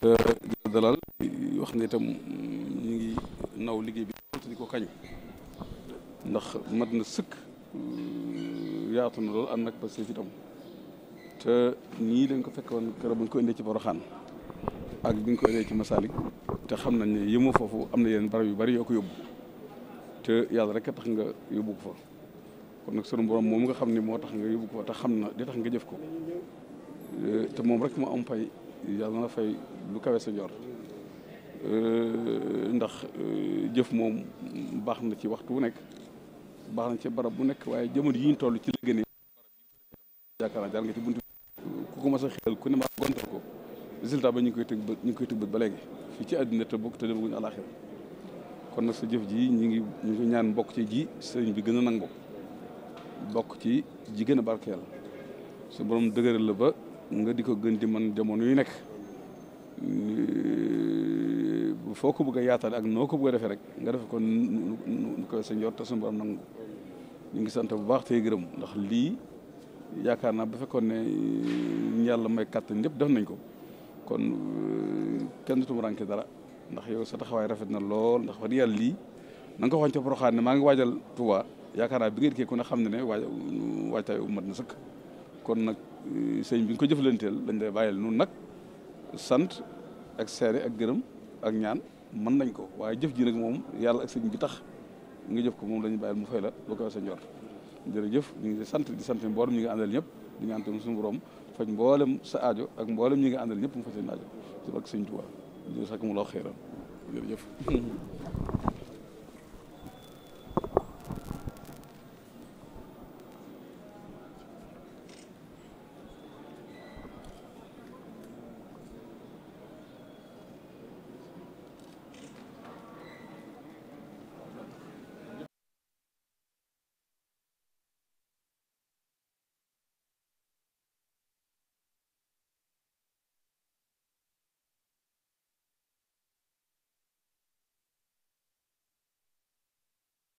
te dina dalal wax ne itam ñu ngi naw liggéey bi te ndax mat na sëkk euh, yaatu na lool am nag parce que fi tam te nii dañ ko fekk kër keroog bu ñu ko indee ci Boroxaan ak bi ñu ko indee ci Masalik te xam na ne yëmoo foofu am na yeneen barab yu bari yoo ko yóbbu te yàlla rek a tax nga yóbbu ko fa kon nag sunu borom moom nga xam ni moo tax nga yóbbu ko fa te xam na di tax nga jëf ko euh, te moom rek moo am pay ma na fay lu kawe sa njort euh, ndax euh, jëf moom baax na ci waxtu wu nekk baax na ci barab bu nekk waaye jamono yi ñu toll ci léegi nii yaakaar naa jaar nga ci buntu ku ko mas a xel ku ne ma gontal ko résultat ba ñu ngi koy tëgg ñu ngi koy tëgg ba léegi fii ci àddina te bokk te demaguñu àlaxir kon na sa jëf ji ñu ngi ñu ngi ñaan mbokk ci ji sëriñ bi gën a nangu bokk ci ji gën a barkeel su borom dëgëral la ba nga di ko gën di man jamono yu nekk foo ko bëgg a yaatal ak noo ko bëgg a defee rek nga def ko nu ko sa njort te suñu borom nangu ngi sant bu baax tey gërëm ndax lii yaakaar naa ba fekkoon ne yàlla may kàttan ñëpp def nañ ko kon euh, kenn du ranke dara ndax yow sa taxawaay rafet na lool ndax wax dëgg yàlla lii na nga ko waxoon ca ne maa ngi waajal Touba yaakaar naa bi ngeen ke kon ne xam ne ne waaj waajtaay mat na sëkk. kon nag euh, sëñ bi nga ko jëflanteel dañ lay bàyyil nun nag sant ak seere ak gërëm ak ñaan mën nañ ko waaye jëf ji nag moom yàlla ak sëñ bi tax nga jëf ko moom dañu bàyyil mu fay la boo ko sa njor jërëjëf ñu ngi sant di sant mboolem ñi nga àndal ñëpp di ñaan tam suñu borom faj mboolem sa aajo ak mboolem ñi nga àndal ñëpp mu faj seen aajo ci ak sëñ Tuubaa di sakk mu loo